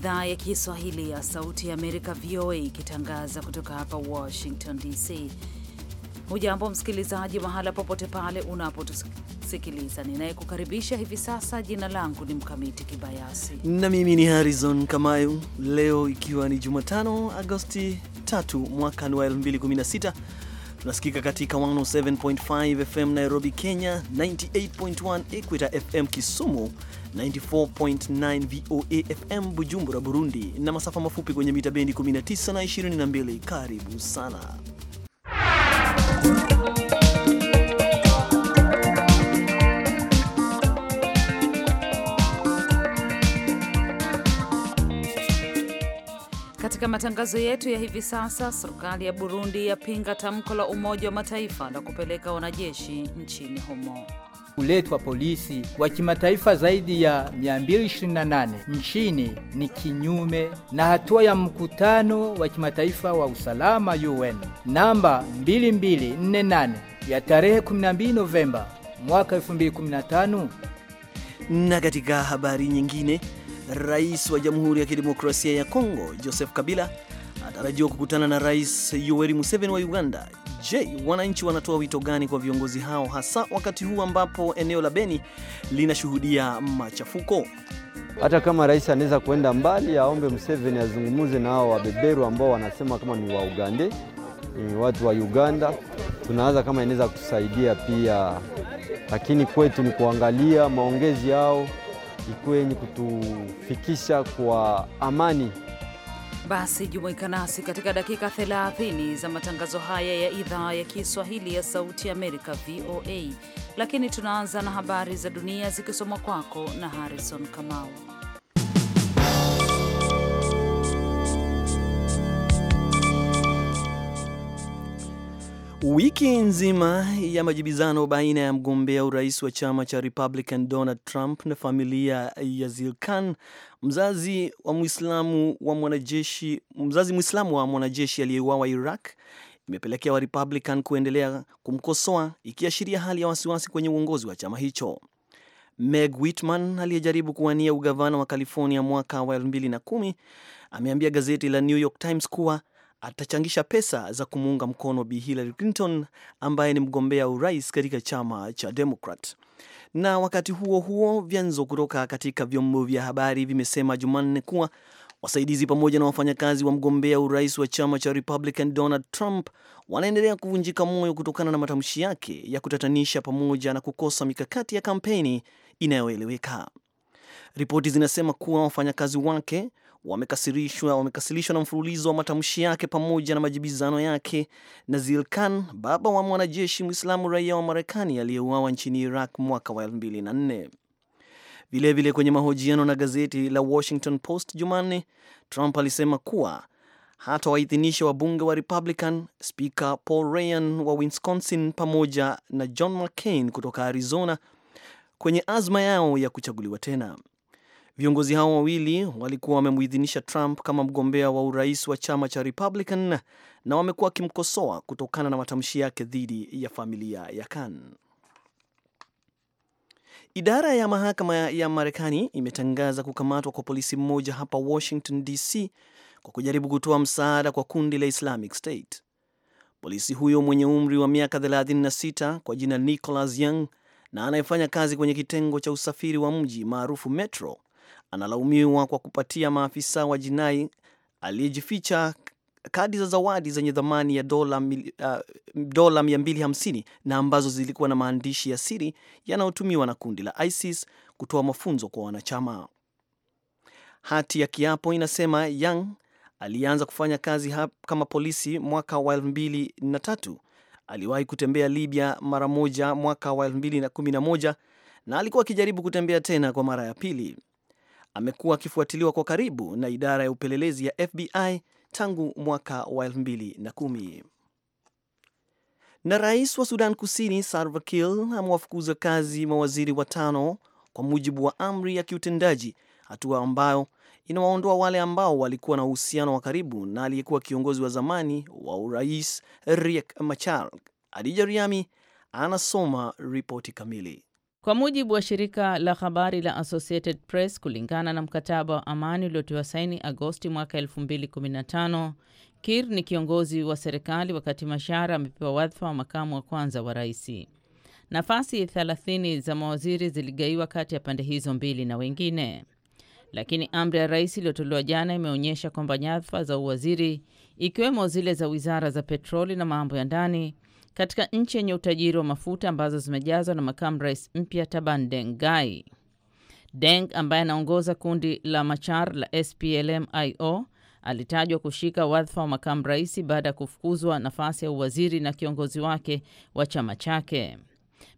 idhaa ya Kiswahili ya Sauti ya Amerika, VOA, ikitangaza kutoka hapa Washington DC. Hujambo msikilizaji, mahala popote pale unapotusikiliza. Ninayekukaribisha hivi sasa, jina langu ni Mkamiti Kibayasi na mimi ni Harrison Kamayu. Leo ikiwa ni Jumatano, Agosti 3 mwaka wa 2016 tunasikika katika 107.5 FM Nairobi, Kenya, 98.1 Equator FM Kisumu 94.9 VOA FM Bujumbura, Burundi, na masafa mafupi kwenye mita bendi 19 na 22. Karibu sana. Katika matangazo yetu ya hivi sasa, serikali ya Burundi yapinga tamko la Umoja wa Mataifa la kupeleka wanajeshi nchini humo kuletwa polisi wa kimataifa zaidi ya 228 nchini ni kinyume na hatua ya mkutano wa kimataifa wa usalama UN namba 2248 ya tarehe 12 Novemba mwaka 2015. Na katika habari nyingine, Rais wa Jamhuri ya Kidemokrasia ya Kongo Joseph Kabila atarajiwa kukutana na Rais Yoweri Museveni wa Uganda. Je, wananchi wanatoa wito gani kwa viongozi hao hasa wakati huu ambapo eneo la Beni linashuhudia machafuko? Hata kama rais anaweza kuenda mbali, aombe Museveni azungumuze na hao wabeberu ambao wanasema kama ni wa Uganda, ni watu wa Uganda. Tunaanza kama inaweza kusaidia pia, lakini kwetu ni kuangalia maongezi yao ikuwe yenye kutufikisha kwa amani. Basi jumuika nasi katika dakika 30 za matangazo haya ya idhaa ya Kiswahili ya Sauti ya Amerika, VOA, lakini tunaanza na habari za dunia zikisomwa kwako na Harrison Kamau. Wiki nzima ya majibizano baina ya mgombea urais wa chama cha Republican Donald Trump na familia ya Zilkan, mzazi wa Muislamu wa mwanajeshi mzazi Muislamu wa mwanajeshi aliyeuawa Iraq, imepelekea wa Republican kuendelea kumkosoa ikiashiria hali ya wasiwasi kwenye uongozi wa chama hicho. Meg Whitman aliyejaribu kuwania ugavana wa California mwaka wa 2010 ameambia gazeti la New York Times kuwa atachangisha pesa za kumuunga mkono Bi Hillary Clinton ambaye ni mgombea urais katika chama cha Demokrat. Na wakati huo huo, vyanzo kutoka katika vyombo vya habari vimesema Jumanne kuwa wasaidizi pamoja na wafanyakazi wa mgombea urais wa chama cha Republican Donald Trump wanaendelea kuvunjika moyo kutokana na matamshi yake ya kutatanisha pamoja na kukosa mikakati ya kampeni inayoeleweka. Ripoti zinasema kuwa wafanyakazi wake wamekasirishwa wamekasilishwa na mfululizo wa matamshi yake pamoja na majibizano yake na Zilkan, baba wa mwanajeshi Mwislamu raia wa Marekani aliyeuawa nchini Iraq mwaka wa 2004. Vilevile, kwenye mahojiano na gazeti la Washington Post Jumanne, Trump alisema kuwa hata waidhinisha wabunge wa Republican, spika Paul Ryan wa Wisconsin pamoja na John McCain kutoka Arizona kwenye azma yao ya kuchaguliwa tena. Viongozi hao wawili walikuwa wamemuidhinisha Trump kama mgombea wa urais wa chama cha Republican na wamekuwa wakimkosoa kutokana na matamshi yake dhidi ya familia ya Khan. Idara ya mahakama ya Marekani imetangaza kukamatwa kwa polisi mmoja hapa Washington DC kwa kujaribu kutoa msaada kwa kundi la Islamic State. Polisi huyo mwenye umri wa miaka 36 kwa jina Nicholas Young na anayefanya kazi kwenye kitengo cha usafiri wa mji maarufu Metro analaumiwa kwa kupatia maafisa wa jinai aliyejificha kadi za zawadi zenye thamani ya dola uh, 250 na ambazo zilikuwa na maandishi ya siri yanayotumiwa na kundi la ISIS kutoa mafunzo kwa wanachama. Hati ya kiapo inasema Young alianza kufanya kazi kama polisi mwaka wa 2003. Aliwahi kutembea Libya mara moja mwaka wa 2011 na alikuwa akijaribu kutembea tena kwa mara ya pili amekuwa akifuatiliwa kwa karibu na idara ya upelelezi ya FBI tangu mwaka wa 2010. Na rais wa Sudan Kusini Salva Kiir amewafukuza kazi mawaziri watano kwa mujibu wa amri ya kiutendaji, hatua ambayo inawaondoa wale ambao walikuwa na uhusiano wa karibu na aliyekuwa kiongozi wa zamani wa urais Riek Machar. Adija Riami anasoma ripoti kamili. Kwa mujibu wa shirika la habari la Associated Press, kulingana na mkataba wa amani uliotiwa saini Agosti mwaka 2015, Kir ni kiongozi wa serikali wakati Mashara amepewa wadhifa wa makamu wa kwanza wa rais. Nafasi 30 za mawaziri ziligaiwa kati ya pande hizo mbili na wengine, lakini amri ya rais iliyotolewa jana imeonyesha kwamba nyadhifa za uwaziri ikiwemo zile za wizara za petroli na mambo ya ndani katika nchi yenye utajiri wa mafuta ambazo zimejazwa na makamu rais mpya Taban Deng Gai. Deng ambaye anaongoza kundi la Machar la splmio alitajwa kushika wadhifa wa makamu rais baada ya kufukuzwa nafasi ya uwaziri na kiongozi wake wa chama chake.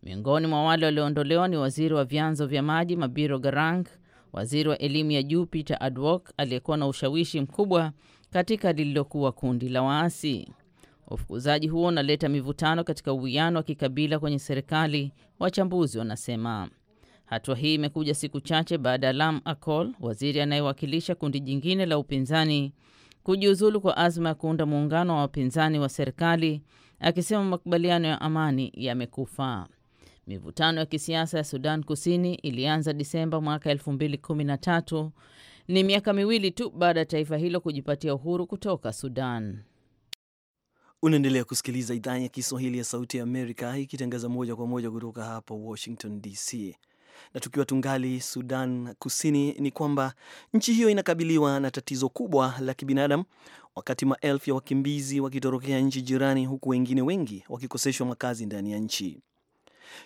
Miongoni mwa wale walioondolewa ni waziri wa vyanzo vya maji Mabiro Garang, waziri wa elimu ya juu Peter Adwok aliyekuwa na ushawishi mkubwa katika lililokuwa kundi la waasi. Ufukuzaji huo unaleta mivutano katika uwiano wa kikabila kwenye serikali, wachambuzi wanasema. Hatua hii imekuja siku chache baada ya Lam Akol, waziri anayewakilisha kundi jingine la upinzani, kujiuzulu kwa azma ya kuunda muungano wa wapinzani wa serikali, akisema makubaliano ya amani yamekufa. Mivutano ya kisiasa ya Sudan Kusini ilianza Disemba mwaka 2013, ni miaka miwili tu baada ya taifa hilo kujipatia uhuru kutoka Sudan. Unaendelea kusikiliza idhaa ya Kiswahili ya Sauti ya Amerika ikitangaza moja kwa moja kutoka hapa Washington DC. Na tukiwa tungali Sudan Kusini, ni kwamba nchi hiyo inakabiliwa na tatizo kubwa la kibinadamu, wakati maelfu ya wakimbizi wakitorokea nchi jirani, huku wengine wengi wakikoseshwa makazi ndani ya nchi.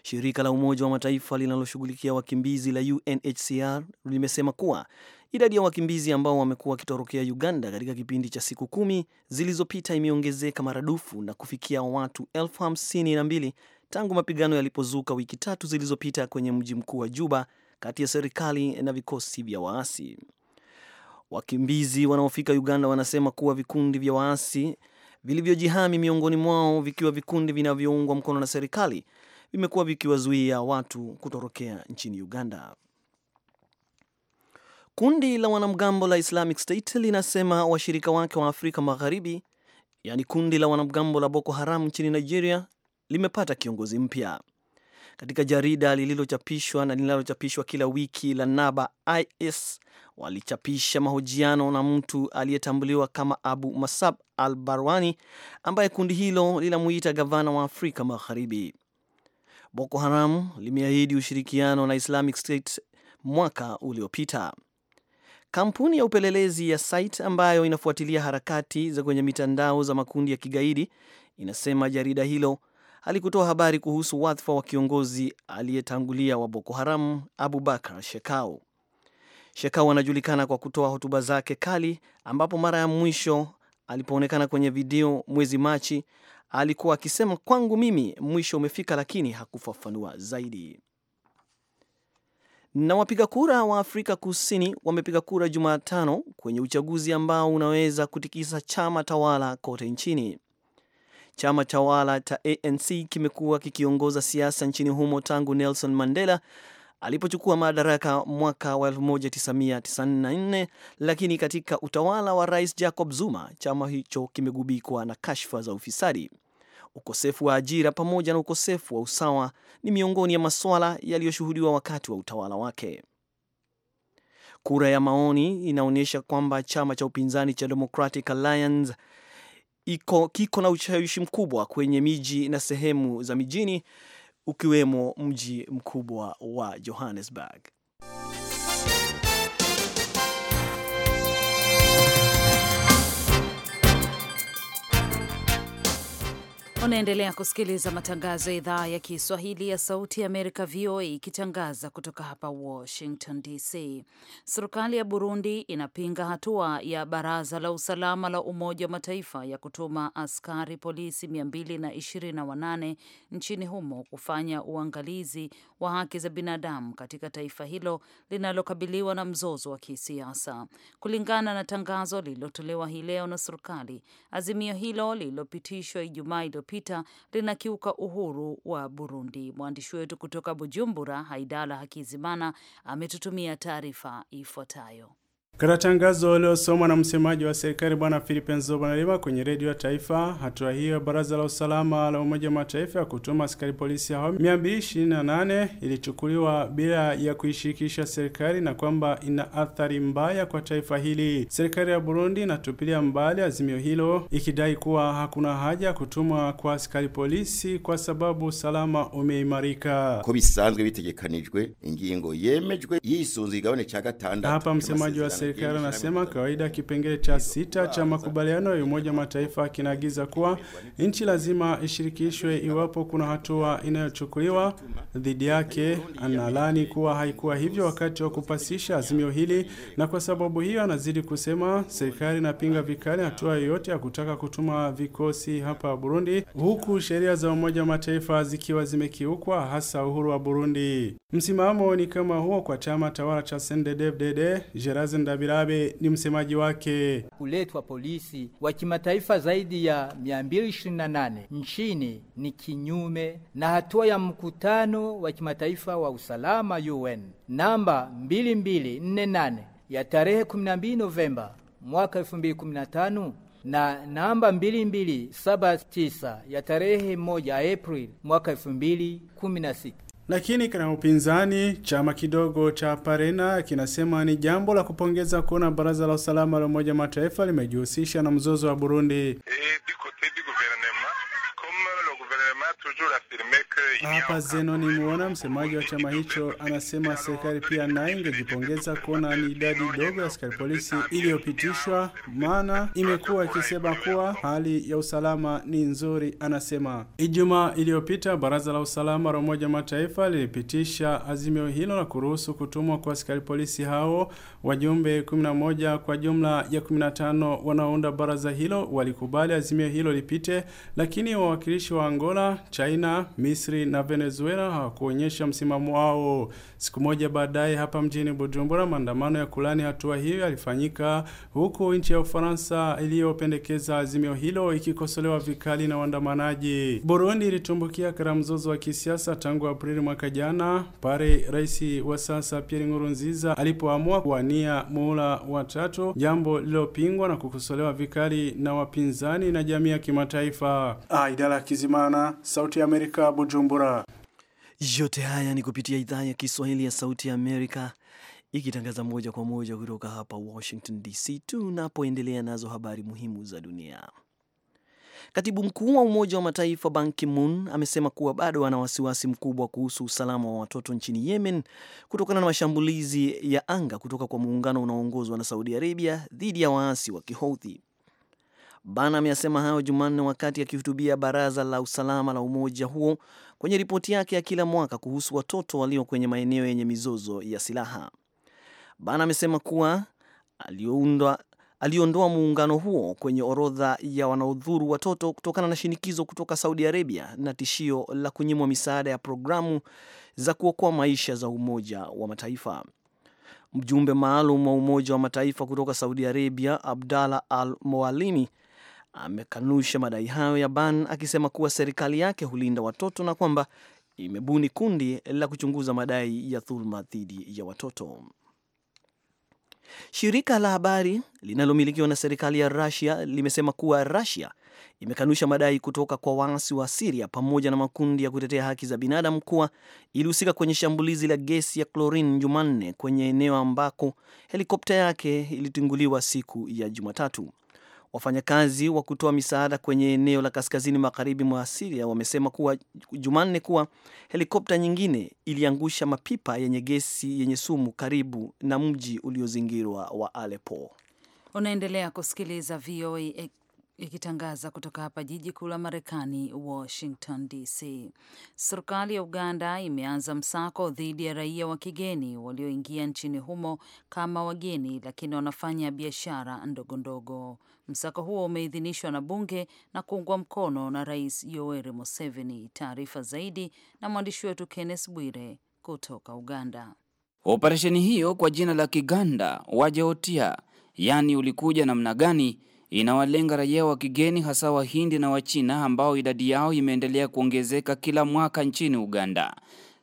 Shirika la Umoja wa Mataifa linaloshughulikia wakimbizi la UNHCR limesema kuwa Idadi ya wakimbizi ambao wamekuwa wakitorokea Uganda katika kipindi cha siku kumi zilizopita imeongezeka maradufu na kufikia watu elfu hamsini na mbili tangu mapigano yalipozuka wiki tatu zilizopita kwenye mji mkuu wa Juba kati ya serikali na vikosi vya waasi. Wakimbizi wanaofika Uganda wanasema kuwa vikundi vya waasi vilivyojihami, miongoni mwao vikiwa vikundi vinavyoungwa mkono na serikali, vimekuwa vikiwazuia watu kutorokea nchini Uganda. Kundi la wanamgambo la Islamic State linasema washirika wake wa Afrika Magharibi, yaani kundi la wanamgambo la Boko Haram nchini Nigeria limepata kiongozi mpya. Katika jarida lililochapishwa na linalochapishwa kila wiki la Naba IS walichapisha mahojiano na mtu aliyetambuliwa kama Abu Masab al Barwani, ambaye kundi hilo linamuita gavana wa Afrika Magharibi. Boko Haram limeahidi ushirikiano na Islamic State mwaka uliopita. Kampuni ya upelelezi ya Site ambayo inafuatilia harakati za kwenye mitandao za makundi ya kigaidi inasema jarida hilo halikutoa habari kuhusu wadhifa wa kiongozi aliyetangulia wa Boko Haram, Abubakar Shekau. Shekau anajulikana kwa kutoa hotuba zake kali, ambapo mara ya mwisho alipoonekana kwenye video mwezi Machi alikuwa akisema, kwangu mimi mwisho umefika, lakini hakufafanua zaidi. Na wapiga kura wa Afrika Kusini wamepiga kura Jumatano kwenye uchaguzi ambao unaweza kutikisa chama tawala kote nchini. Chama tawala cha ANC kimekuwa kikiongoza siasa nchini humo tangu Nelson Mandela alipochukua madaraka mwaka wa 1994, lakini katika utawala wa Rais Jacob Zuma chama hicho kimegubikwa na kashfa za ufisadi ukosefu wa ajira pamoja na ukosefu wa usawa ni miongoni ya masuala yaliyoshuhudiwa wakati wa utawala wake. Kura ya maoni inaonyesha kwamba chama cha upinzani cha Democratic Alliance iko, kiko na ushawishi mkubwa kwenye miji na sehemu za mijini ukiwemo mji mkubwa wa Johannesburg. Unaendelea kusikiliza matangazo ya idhaa ya Kiswahili ya Sauti ya Amerika, VOA, ikitangaza kutoka hapa Washington DC. Serikali ya Burundi inapinga hatua ya Baraza la Usalama la Umoja wa Mataifa ya kutuma askari polisi 228 nchini humo kufanya uangalizi wa haki za binadamu katika taifa hilo linalokabiliwa na mzozo wa kisiasa. Kulingana na tangazo lililotolewa hii leo na serikali, azimio hilo lililopitishwa Ijumaa iliyopita iliyopita linakiuka uhuru wa Burundi. Mwandishi wetu kutoka Bujumbura, Haidala Hakizimana, ametutumia taarifa ifuatayo. Katika tangazo lililosomwa na msemaji wa serikali Bwana Philip Nzobanariba kwenye redio ya taifa, hatua hiyo ya baraza la usalama la Umoja wa Mataifa ya kutuma askari polisi hao 228 ilichukuliwa bila ya kuishirikisha serikali na kwamba ina athari mbaya kwa taifa hili. Serikali ya Burundi inatupilia mbali azimio hilo ikidai kuwa hakuna haja ya kutumwa kwa askari polisi kwa sababu usalama umeimarika. ko bisanzwe bitegekanijwe ingingo yemejwe yisunzwe igabane cha gatandatu. Hapa msemaji wa serikali anasema kawaida kipengele cha sita cha makubaliano ya Umoja Mataifa kinaagiza kuwa nchi lazima ishirikishwe iwapo kuna hatua inayochukuliwa dhidi yake. Analani kuwa haikuwa hivyo wakati wa kupasisha azimio hili, na kwa sababu hiyo anazidi kusema serikali inapinga vikali hatua yoyote ya kutaka kutuma vikosi hapa Burundi, huku sheria za Umoja Mataifa zikiwa zimekiukwa, hasa uhuru wa Burundi. Msimamo ni kama huo kwa chama tawala cha CNDD-FDD. Ndabirabe ni msemaji wake. Kuletwa polisi wa kimataifa zaidi ya 228 nchini ni kinyume na hatua ya mkutano wa kimataifa wa usalama UN namba 2248 ya tarehe 12 Novemba mwaka 2015 na namba 2279 ya tarehe 1 Aprili mwaka 2016. Lakini kana upinzani chama kidogo cha Parena kinasema ni jambo la kupongeza kuona baraza la usalama la Umoja Mataifa limejihusisha na mzozo wa Burundi. E, eh, diko, te, diko, hapa zeno ni Muona, msemaji wa chama hicho, anasema serikali pia nayo ingejipongeza kuona ni idadi dogo ya askari polisi iliyopitishwa, maana imekuwa ikisema kuwa hali ya usalama ni nzuri. Anasema Ijumaa iliyopita baraza la usalama la Umoja Mataifa lilipitisha azimio hilo la kuruhusu kutumwa kwa askari polisi hao. Wajumbe 11 kwa jumla ya 15 wanaounda baraza hilo walikubali azimio hilo lipite, lakini wawakilishi wa Angola cha China, Misri na Venezuela hawakuonyesha msimamo wao. Siku moja baadaye, hapa mjini Bujumbura, maandamano ya kulani hatua hiyo yalifanyika huku nchi ya Ufaransa iliyopendekeza azimio hilo ikikosolewa vikali na waandamanaji. Burundi ilitumbukia katika mzozo wa kisiasa tangu Aprili mwaka jana pale rais wa sasa Pierre Nkurunziza alipoamua kuwania muhula wa tatu, jambo lililopingwa na kukosolewa vikali na wapinzani na jamii ya kimataifa. Aidala ah, Kizimana, Sauti Sauti ya Amerika, Bujumbura. Yote haya ni kupitia idhaa ya Kiswahili ya Sauti ya Amerika ikitangaza moja kwa moja kutoka hapa Washington DC, tunapoendelea nazo habari muhimu za dunia. Katibu mkuu wa Umoja wa Mataifa Ban Ki-moon amesema kuwa bado ana wasiwasi mkubwa kuhusu usalama wa watoto nchini Yemen kutokana na mashambulizi ya anga kutoka kwa muungano unaoongozwa na Saudi Arabia dhidi ya waasi wa Kihouthi. Bana ameyasema hayo Jumanne wakati akihutubia baraza la usalama la umoja huo kwenye ripoti yake ya kila mwaka kuhusu watoto walio kwenye maeneo yenye mizozo ya silaha. Bana amesema kuwa aliondoa aliondoa muungano huo kwenye orodha ya wanaodhuru watoto kutokana na shinikizo kutoka Saudi Arabia na tishio la kunyimwa misaada ya programu za kuokoa maisha za Umoja wa Mataifa. Mjumbe maalum wa Umoja wa Mataifa kutoka Saudi Arabia, Abdallah Al Moalimi, amekanusha madai hayo ya Ban akisema kuwa serikali yake hulinda watoto na kwamba imebuni kundi la kuchunguza madai ya dhuluma dhidi ya watoto. Shirika la habari linalomilikiwa na serikali ya Russia limesema kuwa Russia imekanusha madai kutoka kwa waasi wa Siria pamoja na makundi ya kutetea haki za binadamu kuwa ilihusika kwenye shambulizi la gesi ya klorini Jumanne kwenye eneo ambako helikopta yake ilitunguliwa siku ya Jumatatu. Wafanyakazi wa kutoa misaada kwenye eneo la kaskazini magharibi mwa Siria wamesema kuwa Jumanne kuwa helikopta nyingine iliangusha mapipa yenye gesi yenye sumu karibu na mji uliozingirwa wa alepo Unaendelea kusikiliza VOA Ikitangaza kutoka hapa jiji kuu la Marekani, Washington DC. Serikali ya Uganda imeanza msako dhidi ya raia wa kigeni walioingia nchini humo kama wageni, lakini wanafanya biashara ndogondogo. Msako huo umeidhinishwa na bunge na kuungwa mkono na Rais Yoweri Museveni. Taarifa zaidi na mwandishi wetu Kenneth Bwire kutoka Uganda. Operesheni hiyo kwa jina la Kiganda wajaotia, yaani ulikuja namna gani? inawalenga raia wa kigeni hasa Wahindi na Wachina ambao idadi yao imeendelea kuongezeka kila mwaka nchini Uganda.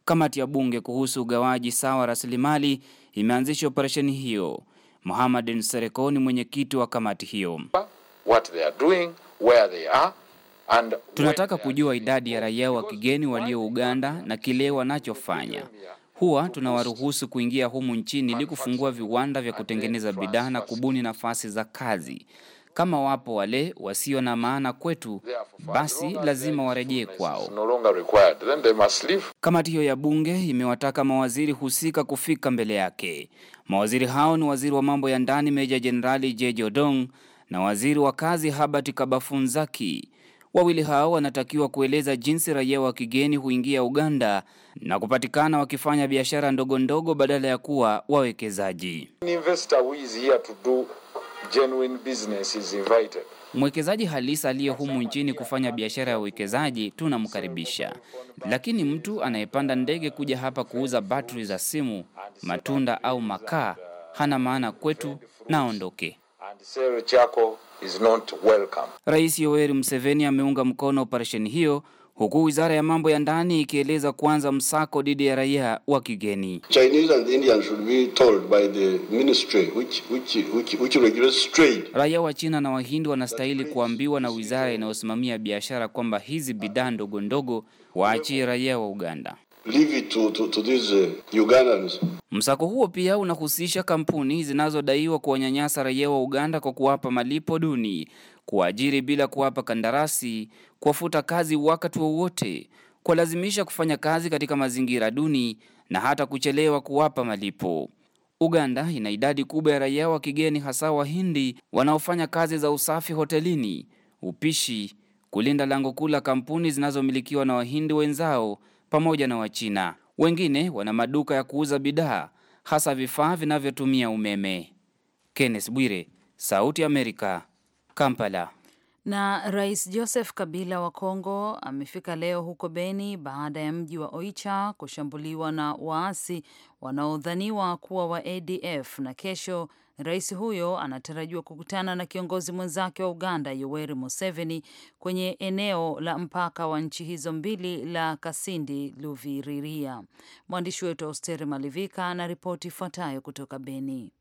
Kamati ya bunge kuhusu ugawaji sawa rasilimali imeanzisha operesheni hiyo. Mohamed Nsereko ni mwenyekiti wa kamati hiyo. What they are doing, where they are, and tunataka kujua idadi ya raia wa kigeni walio Uganda na kile wanachofanya. Huwa tunawaruhusu kuingia humu nchini ili kufungua viwanda vya kutengeneza bidhaa na kubuni nafasi za kazi. Kama wapo wale wasio na maana kwetu, basi lazima warejee kwao. Kamati hiyo ya bunge imewataka mawaziri husika kufika mbele yake. Mawaziri hao ni waziri wa mambo ya ndani Meja Jenerali Jeje Odong na waziri wa kazi Habert Kabafunzaki. Wawili hao wanatakiwa kueleza jinsi raia wa kigeni huingia Uganda na kupatikana wakifanya biashara ndogo ndogo badala ya kuwa wawekezaji. An investor who is here to do genuine business is invited. Mwekezaji halisi aliye humu nchini kufanya biashara ya uwekezaji tunamkaribisha, lakini mtu anayepanda ndege kuja hapa kuuza batri za simu, matunda au makaa hana maana kwetu, naondoke. Rais Yoweri Museveni ameunga mkono operesheni hiyo huku wizara ya mambo ya ndani ikieleza kuanza msako dhidi ya raia wa kigeni. Raia wa China na Wahindi wanastahili kuambiwa na wizara inayosimamia biashara kwamba hizi bidhaa ndogo ndogo waachie raia wa Uganda. Leave it to, to, to these, uh, Ugandans. Msako huo pia unahusisha kampuni zinazodaiwa kuwanyanyasa raia wa Uganda kwa kuwapa malipo duni kuwaajiri bila kuwapa kandarasi, kuwafuta kazi wakati wowote, kuwalazimisha kufanya kazi katika mazingira duni na hata kuchelewa kuwapa malipo. Uganda ina idadi kubwa ya raia wa kigeni hasa Wahindi wanaofanya kazi za usafi hotelini, upishi, kulinda lango kuu la kampuni zinazomilikiwa na Wahindi wenzao pamoja na Wachina. Wengine wana maduka ya kuuza bidhaa hasa vifaa vinavyotumia umeme. Kenneth Bwire, Sauti ya Amerika, Kampala. Na Rais Joseph Kabila wa Kongo amefika leo huko Beni baada ya mji wa Oicha kushambuliwa na waasi wanaodhaniwa kuwa wa ADF na kesho rais huyo anatarajiwa kukutana na kiongozi mwenzake wa Uganda Yoweri Museveni kwenye eneo la mpaka wa nchi hizo mbili la Kasindi Luviriria. Mwandishi wetu Austeri Malivika ana ripoti ifuatayo kutoka Beni.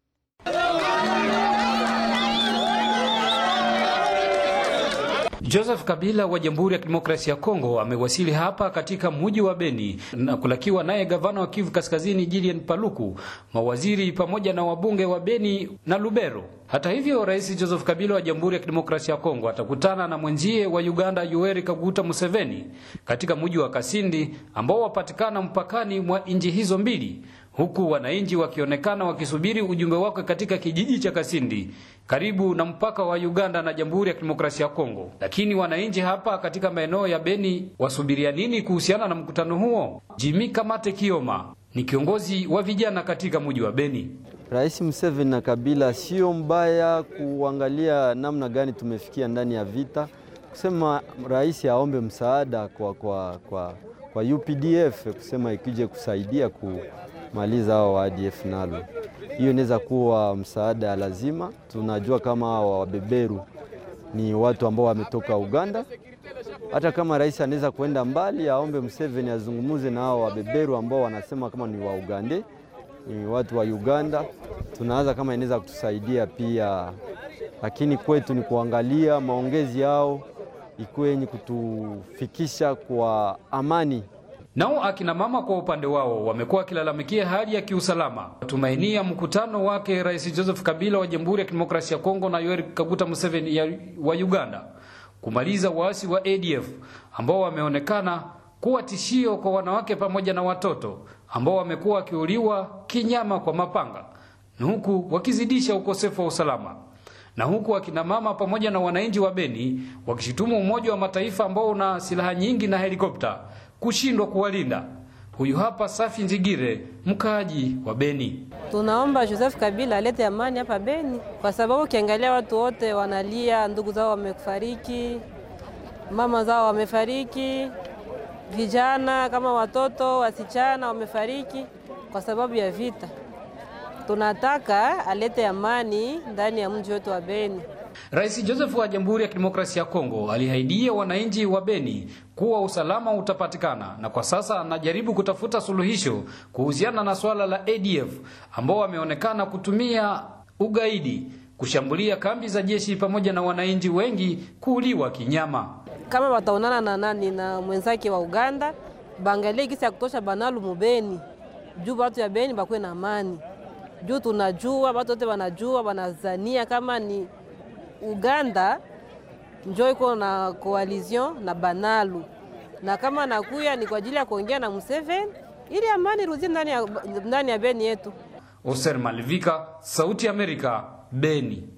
Joseph Kabila wa Jamhuri ya Kidemokrasia ya Kongo amewasili hapa katika mji wa Beni na kulakiwa naye gavana wa Kivu Kaskazini Julian Paluku, mawaziri pamoja na wabunge wa Beni na Lubero. Hata hivyo, Rais Joseph Kabila wa Jamhuri ya Kidemokrasia ya Kongo atakutana na mwenzie wa Uganda Yoweri Kaguta Museveni katika mji wa Kasindi ambao wapatikana mpakani mwa nchi hizo mbili huku wananchi wakionekana wakisubiri ujumbe wake katika kijiji cha Kasindi karibu na mpaka wa Uganda na Jamhuri ya Kidemokrasia ya Kongo. Lakini wananchi hapa katika maeneo ya Beni wasubiria nini kuhusiana na mkutano huo? Jimi Kamate Kioma ni kiongozi wa vijana katika mji wa Beni. Rais Museveni na Kabila, sio mbaya kuangalia namna gani tumefikia ndani ya vita, kusema rais aombe msaada kwa, kwa, kwa, kwa UPDF kusema ikije kusaidia ku maliza hao wa ADF nalo. Hiyo inaweza kuwa msaada lazima. Tunajua kama wabeberu ni watu ambao wametoka Uganda. Hata kama rais anaweza kuenda mbali aombe Museveni azungumuze na hao wabeberu ambao wanasema kama ni wa Uganda, ni watu wa Uganda, tunaanza kama inaweza kutusaidia pia, lakini kwetu ni kuangalia maongezi yao ikuwe yenye kutufikisha kwa amani. Nao akina mama kwa upande wao wamekuwa wakilalamikia hali ya kiusalama. Watumainia mkutano wake Rais Joseph Kabila wa Jamhuri ya Kidemokrasia ya Kongo na Yoweri Kaguta Museveni ya, wa Uganda kumaliza waasi wa ADF ambao wameonekana kuwa tishio kwa wanawake pamoja na watoto ambao wamekuwa wakiuliwa kinyama kwa mapanga, huku wakizidisha ukosefu wa usalama na huku akina mama pamoja na wananchi wa Beni wakishutumu Umoja wa Mataifa ambao una silaha nyingi na helikopta kushindwa kuwalinda. Huyu hapa Safi Njigire, mkaaji wa Beni. Tunaomba Joseph Kabila alete amani hapa Beni, kwa sababu ukiangalia watu wote wanalia, ndugu zao wamefariki, mama zao wamefariki, vijana kama watoto wasichana wamefariki kwa sababu ya vita tunataka alete amani ndani ya mji wetu wa Beni. Rais Joseph wa Jamhuri ya Kidemokrasia ya Kongo alihaidia wananchi wa Beni kuwa usalama utapatikana, na kwa sasa anajaribu kutafuta suluhisho kuhusiana na swala la ADF ambao wameonekana kutumia ugaidi kushambulia kambi za jeshi pamoja na wananchi wengi kuuliwa kinyama. Kama wataonana na nani na mwenzake wa Uganda, bangalie kisa ya kutosha banalu mubeni juu watu ya Beni bakuwe na amani juu tunajua watu wote wanajua, wanazania kama ni Uganda njo iko na koalision na Banalu, na kama nakuya ni kwa ajili ya kuongea na Museveni ili amani rudie ndani ya, ndani ya Beni yetu. Oser Malvika, Sauti Amerika, Beni.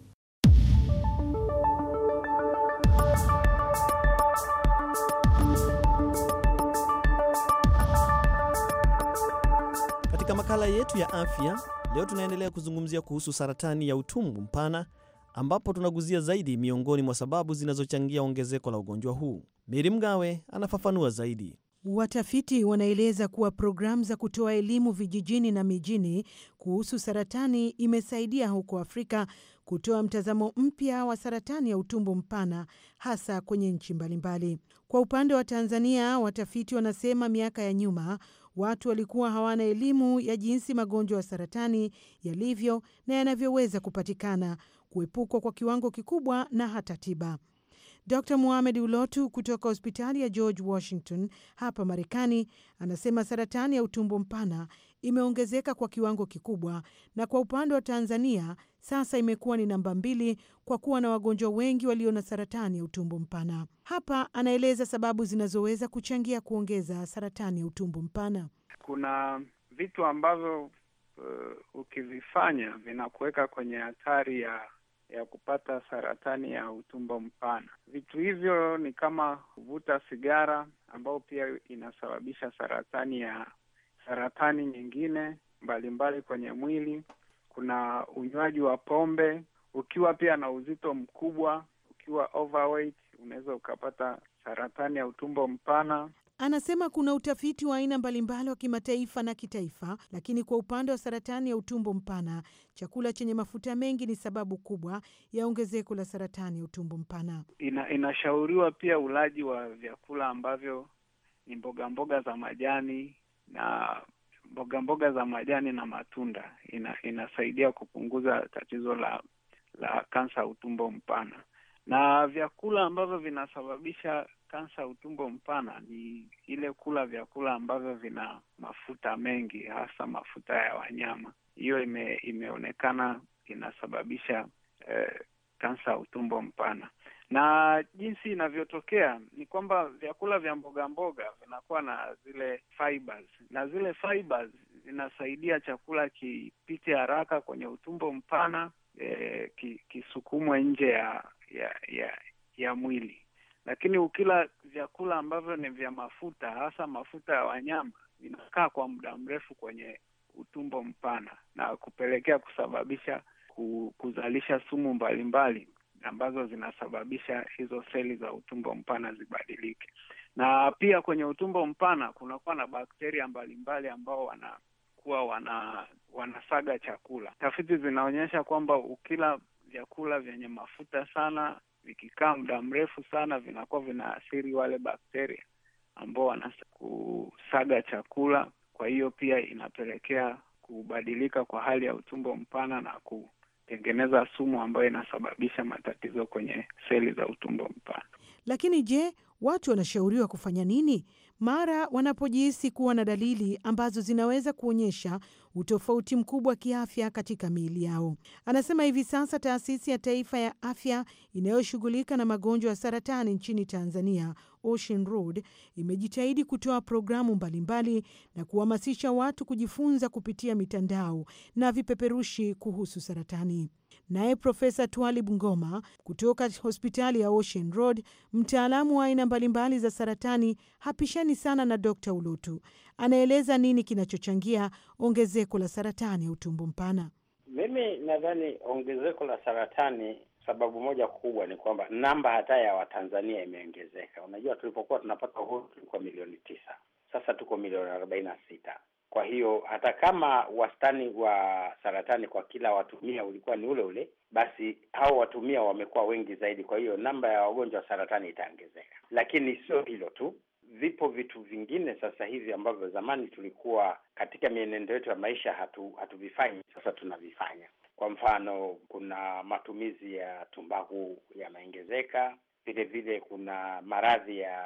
Katika makala yetu ya afya Leo tunaendelea kuzungumzia kuhusu saratani ya utumbo mpana ambapo tunaguzia zaidi miongoni mwa sababu zinazochangia ongezeko la ugonjwa huu. Meri Mgawe anafafanua zaidi. Watafiti wanaeleza kuwa programu za kutoa elimu vijijini na mijini kuhusu saratani imesaidia huko Afrika kutoa mtazamo mpya wa saratani ya utumbo mpana hasa kwenye nchi mbalimbali. Kwa upande wa Tanzania, watafiti wanasema miaka ya nyuma Watu walikuwa hawana elimu ya jinsi magonjwa ya saratani yalivyo na yanavyoweza kupatikana, kuepukwa kwa kiwango kikubwa na hata tiba. Dr muhamed Ulotu kutoka hospitali ya George Washington hapa Marekani anasema saratani ya utumbo mpana imeongezeka kwa kiwango kikubwa, na kwa upande wa Tanzania sasa imekuwa ni namba mbili kwa kuwa na wagonjwa wengi walio na saratani ya utumbo mpana. Hapa anaeleza sababu zinazoweza kuchangia kuongeza saratani ya utumbo mpana. Kuna vitu ambavyo uh, ukivifanya vinakuweka kwenye hatari ya ya kupata saratani ya utumbo mpana. Vitu hivyo ni kama kuvuta sigara, ambayo pia inasababisha saratani ya saratani nyingine mbalimbali mbali kwenye mwili kuna unywaji wa pombe. Ukiwa pia na uzito mkubwa, ukiwa overweight, unaweza ukapata saratani ya utumbo mpana. Anasema kuna utafiti wa aina mbalimbali wa kimataifa na kitaifa, lakini kwa upande wa saratani ya utumbo mpana, chakula chenye mafuta mengi ni sababu kubwa ya ongezeko la saratani ya utumbo mpana. Ina, inashauriwa pia ulaji wa vyakula ambavyo ni mboga mboga za majani na mboga mboga za majani na matunda ina, inasaidia kupunguza tatizo la la kansa utumbo mpana, na vyakula ambavyo vinasababisha kansa utumbo mpana ni ile kula vyakula ambavyo vina mafuta mengi, hasa mafuta ya wanyama. Hiyo ime, imeonekana inasababisha eh, kansa ya utumbo mpana na jinsi inavyotokea ni kwamba vyakula vya mboga mboga vinakuwa na zile fibers, na zile fibers zinasaidia chakula kipite haraka kwenye utumbo mpana e, kisukumwe nje ya, ya ya ya mwili. Lakini ukila vyakula ambavyo ni vya mafuta, hasa mafuta ya wanyama, vinakaa kwa muda mrefu kwenye utumbo mpana na kupelekea kusababisha kuzalisha sumu mbalimbali mbali ambazo zinasababisha hizo seli za utumbo mpana zibadilike. Na pia kwenye utumbo mpana kunakuwa na bakteria mbalimbali ambao wanakuwa wana, wanasaga chakula. Tafiti zinaonyesha kwamba ukila vyakula vyenye mafuta sana, vikikaa muda mrefu sana, vinakuwa vinaathiri wale bakteria ambao wanakusaga chakula. Kwa hiyo pia inapelekea kubadilika kwa hali ya utumbo mpana na kuu kutengeneza sumu ambayo inasababisha matatizo kwenye seli za utumbo mpana. Lakini je, watu wanashauriwa kufanya nini mara wanapojihisi kuwa na dalili ambazo zinaweza kuonyesha utofauti mkubwa wa kiafya katika miili yao. Anasema hivi sasa taasisi ya taifa ya afya inayoshughulika na magonjwa ya saratani nchini Tanzania, Ocean Road, imejitahidi kutoa programu mbalimbali mbali na kuhamasisha watu kujifunza kupitia mitandao na vipeperushi kuhusu saratani naye Profesa Twalib Ngoma kutoka hospitali ya Ocean Road, mtaalamu wa aina mbalimbali za saratani, hapishani sana na Dkt Ulutu. Anaeleza nini kinachochangia ongezeko la saratani ya utumbo mpana. Mimi nadhani ongezeko la saratani sababu moja kubwa ni kwamba namba hata ya Watanzania imeongezeka. Unajua, tulipokuwa tunapata uhuru tulikuwa milioni tisa, sasa tuko milioni arobaini na sita. Kwa hiyo hata kama wastani wa saratani kwa kila watumia ulikuwa ni ule ule, basi hao watumia wamekuwa wengi zaidi, kwa hiyo namba ya wagonjwa wa saratani itaongezeka. Lakini sio hilo tu, vipo vitu vingine sasa hivi ambavyo zamani tulikuwa katika mienendo yetu ya maisha hatu hatuvifanyi, sasa tunavifanya. Kwa mfano, kuna matumizi ya tumbaku yameongezeka, vile vile kuna maradhi ya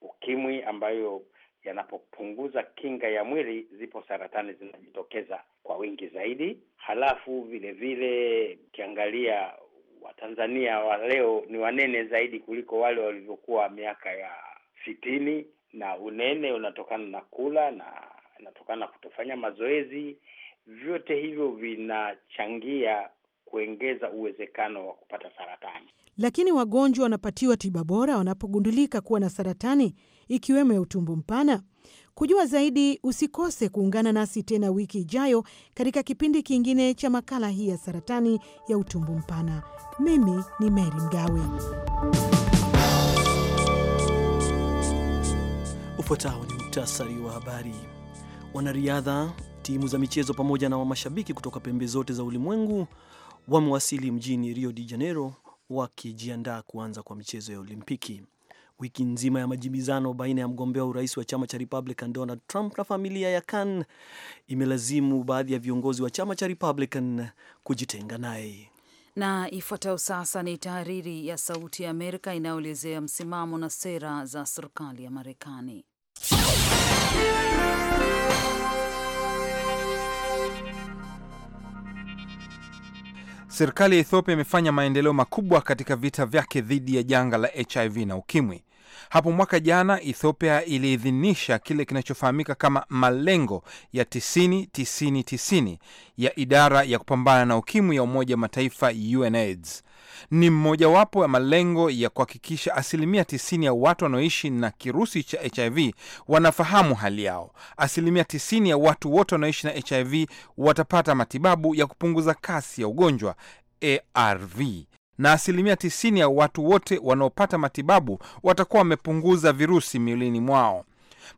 ukimwi ambayo yanapopunguza kinga ya mwili, zipo saratani zinajitokeza kwa wingi zaidi. Halafu vilevile ukiangalia Watanzania wa leo ni wanene zaidi kuliko wale walivyokuwa miaka ya sitini, na unene unatokana na kula na unatokana na kutofanya mazoezi. Vyote hivyo vinachangia kuongeza uwezekano wa kupata saratani. Lakini wagonjwa wanapatiwa tiba bora wanapogundulika kuwa na saratani ikiwemo ya utumbo mpana. Kujua zaidi, usikose kuungana nasi tena wiki ijayo katika kipindi kingine cha makala hii ya saratani ya utumbo mpana. Mimi ni Meri Mgawe. Ufuatao ni muktasari wa habari. Wanariadha, timu za michezo pamoja na wamashabiki kutoka pembe zote za ulimwengu wamewasili mjini Rio de Janeiro wakijiandaa kuanza kwa michezo ya Olimpiki wiki nzima ya majibizano baina ya mgombea wa urais wa chama cha Republican Donald Trump na familia ya Khan imelazimu baadhi ya viongozi wa chama cha Republican kujitenga naye. Na ifuatayo sasa ni tahariri ya Sauti ya Amerika inayoelezea msimamo na sera za serikali ya Marekani. Serikali ya Ethiopia imefanya maendeleo makubwa katika vita vyake dhidi ya janga la HIV na ukimwi. Hapo mwaka jana Ethiopia iliidhinisha kile kinachofahamika kama malengo ya 90 90 90 ya idara ya kupambana na ukimwi ya Umoja wa Mataifa, UNAIDS ni mmojawapo ya malengo ya kuhakikisha asilimia 90 ya watu wanaoishi na kirusi cha HIV wanafahamu hali yao. Asilimia 90 ya watu wote wanaoishi na HIV watapata matibabu ya kupunguza kasi ya ugonjwa ARV na asilimia 90 ya watu wote wanaopata matibabu watakuwa wamepunguza virusi miulini mwao.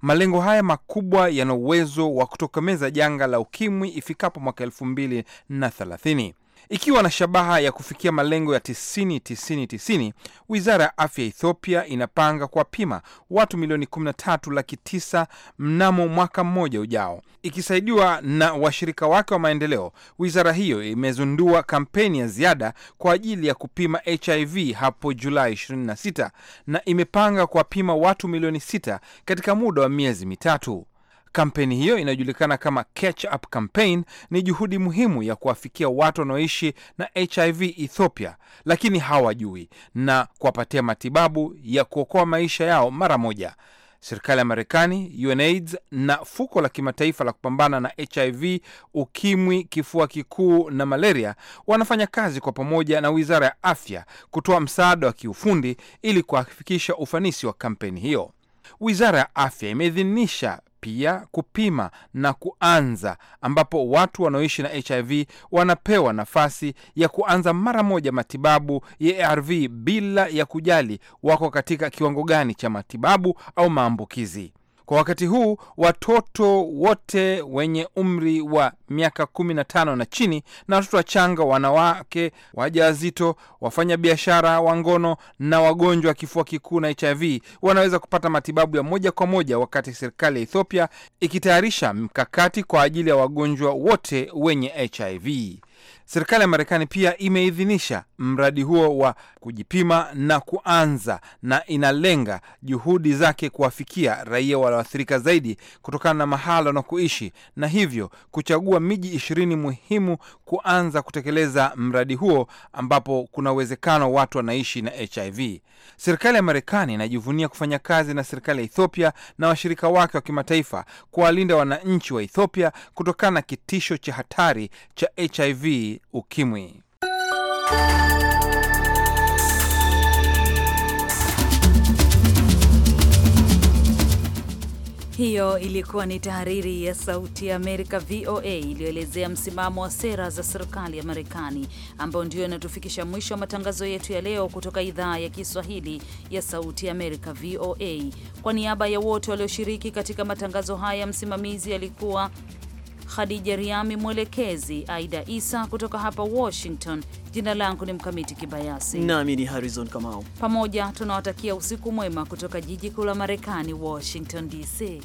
Malengo haya makubwa yana uwezo wa kutokomeza janga la ukimwi ifikapo mwaka elfu mbili na thelathini. Ikiwa na shabaha ya kufikia malengo ya 90 90 90, wizara ya afya ya Ethiopia inapanga kuwapima watu milioni 13 laki 9 mnamo mwaka mmoja ujao. Ikisaidiwa na washirika wake wa maendeleo, wizara hiyo imezindua kampeni ya ziada kwa ajili ya kupima HIV hapo Julai 26 na imepanga kuwapima watu milioni 6 katika muda wa miezi mitatu. Kampeni hiyo inayojulikana kama Catch Up Campaign ni juhudi muhimu ya kuwafikia watu wanaoishi na HIV Ethiopia, lakini hawajui na kuwapatia matibabu ya kuokoa maisha yao mara moja. Serikali ya Marekani, UNAIDS na fuko la kimataifa la kupambana na HIV, ukimwi, kifua kikuu na malaria wanafanya kazi kwa pamoja na wizara ya afya kutoa msaada wa kiufundi ili kuhakikisha ufanisi wa kampeni hiyo. Wizara ya afya imeidhinisha pia kupima na kuanza, ambapo watu wanaoishi na HIV wanapewa nafasi ya kuanza mara moja matibabu ya ARV bila ya kujali wako katika kiwango gani cha matibabu au maambukizi. Kwa wakati huu watoto wote wenye umri wa miaka 15 na chini na watoto wachanga, wanawake wajawazito, wafanya biashara wa ngono na wagonjwa wa kifua kikuu na HIV wanaweza kupata matibabu ya moja kwa moja, wakati serikali ya Ethiopia ikitayarisha mkakati kwa ajili ya wagonjwa wote wenye HIV. Serikali ya Marekani pia imeidhinisha mradi huo wa kujipima na kuanza, na inalenga juhudi zake kuwafikia raia walioathirika zaidi kutokana na mahala na kuishi na hivyo kuchagua miji ishirini muhimu kuanza kutekeleza mradi huo ambapo kuna uwezekano watu wanaishi na HIV. Serikali ya Marekani inajivunia kufanya kazi na serikali ya Ethiopia na washirika wake wa kimataifa kuwalinda wananchi wa Ethiopia kutokana na kitisho cha hatari cha HIV ukimwi. Hiyo ilikuwa ni tahariri ya Sauti ya Amerika, VOA, iliyoelezea msimamo wa sera za serikali ya Marekani, ambayo ndio inatufikisha mwisho wa matangazo yetu ya leo kutoka idhaa ya Kiswahili ya Sauti ya Amerika, VOA. Kwa niaba ya wote walioshiriki katika matangazo haya, msimamizi alikuwa Khadija Riami mwelekezi, Aida Isa kutoka hapa Washington. Jina langu ni Mkamiti Kibayasi nami ni Harrison Kamau. Pamoja tunawatakia usiku mwema kutoka jiji kuu la Marekani, Washington DC.